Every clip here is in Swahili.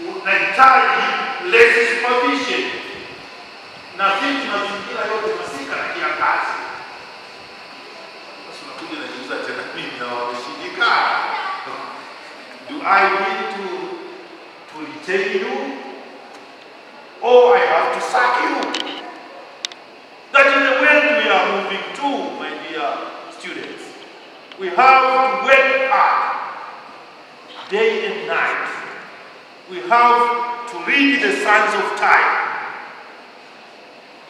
unahitaji less supervision na vitu mazingira yote masika na kila kazi. Sasa unakuja najiuza tena mimi na wameshindikana. Do I need to to retain you or I have to sack you? That is the way we are moving to, my dear students. We have to work hard day we have to read the sands of time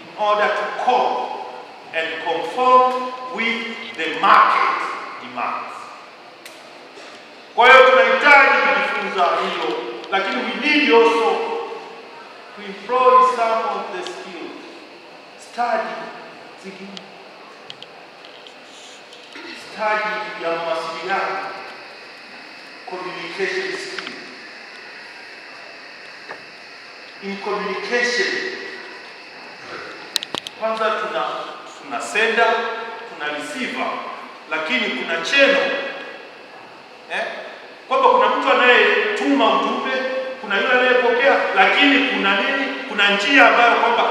in order to cope and conform with the market demands. Kwa hiyo tunahitaji kujifunza hilo, lakini we need also to employ some of the skills. Study zingine, study ya mawasiliano, communication in communication. Kwanza tuna tuna sender, tuna receiver, lakini kuna channel eh, kwamba kuna mtu anayetuma ujumbe, kuna yule anayepokea, lakini kuna nini? Kuna njia ambayo kwamba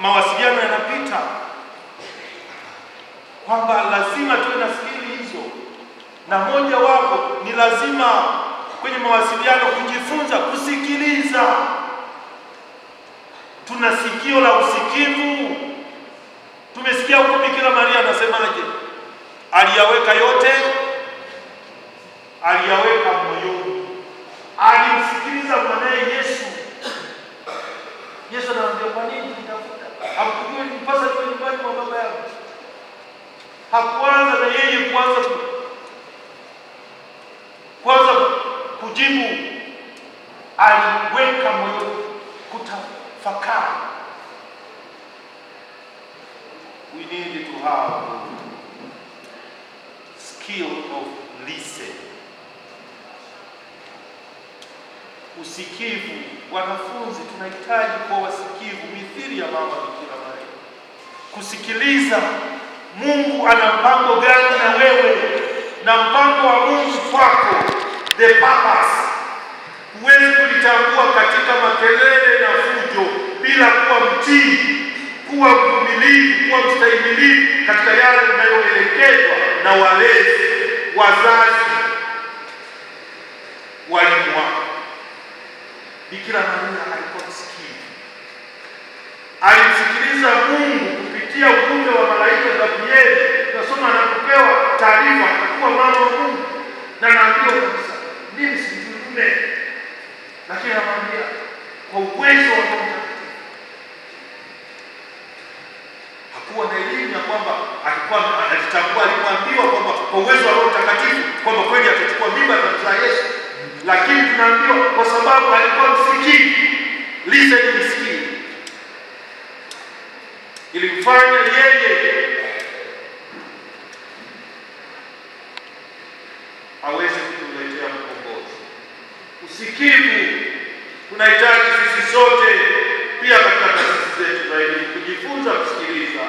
mawasiliano yanapita, kwamba lazima tuwe na skili hizo, na moja wapo ni lazima kwenye mawasiliano kujifunza kusikiliza tuna sikio la usikivu. Tumesikia huko Bikira Maria anasemaje? Aliyaweka yote, aliyaweka moyoni, alimsikiliza mwanaye Yesu. Yesu anamwambia kwa nini tafuta? Hakujua mpasa kwa nyumbani mwa baba yako, hakuanza na yeye kwanza kwanza kujibu, aliweka moyoni kutafuta Fakaa. We need to have skill of listen. Usikivu. Wanafunzi tunahitaji kuwa wasikivu mithili ya mama Bikira Maria, kusikiliza Mungu ana mpango gani na wewe na mpango wa Mungu kwako, the purpose. Huwezi kuwa katika makelele na fujo, bila kuwa mtii, kuwa mvumilivu, kuwa mstahimilivu katika yale unayoelekezwa na walezi, wazazi, walimu wako. Bikira Maria alikuwa msikivu, alimsikiliza Mungu kupitia ujumbe wa malaika Gabrieli. Tunasoma anapopewa taarifa kuwa mama wa Mungu na naambiwa kabisa, mimi si mtume lakini anamwambia kwa uwezo wa Roho Mtakatifu. Hakuwa na elimu ya kwamba alikuwa alitambua, alipoambiwa kwamba kwa uwezo wa Roho Mtakatifu kwamba kweli atachukua mimba na mzaa Yesu, lakini tunaambiwa kwa sababu alikuwa msikii lize ni ilimfanya yeye aweze usikivu tunahitaji sisi sote pia katika taasisi zetu za elimu kujifunza kusikiliza,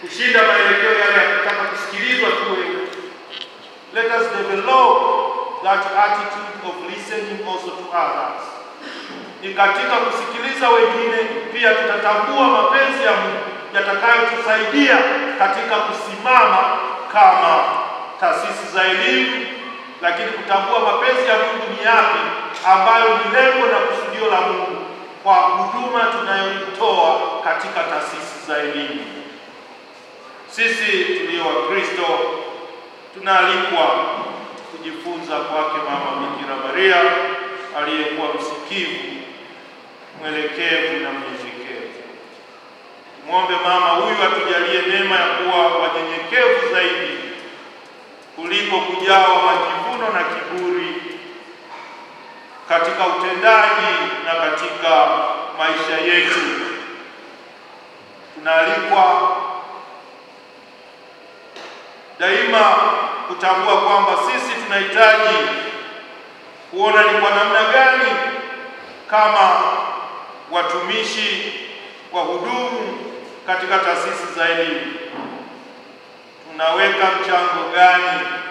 kushinda maelekeo yale ya kutaka kusikilizwa tu. Let us develop that attitude of listening also to others. Ni katika kusikiliza wengine pia tutatambua mapenzi ya Mungu yatakayotusaidia katika kusimama kama taasisi za elimu lakini kutambua mapenzi ya Mungu ni yapi, ambayo ni lengo na kusudio la Mungu kwa huduma tunayoitoa katika taasisi za elimu. Sisi tulio Wakristo tunaalikwa kujifunza kwake Mama Bikira Maria aliyekuwa msikivu, mwelekevu na mnyenyekevu. Mwombe mama huyu atujalie neema ya kuwa wanyenyekevu zaidi kuliko kujawa tunaalikwa daima kutambua kwamba sisi tunahitaji kuona ni kwa namna gani kama watumishi hudumu katika taasisi za elimu tunaweka mchango gani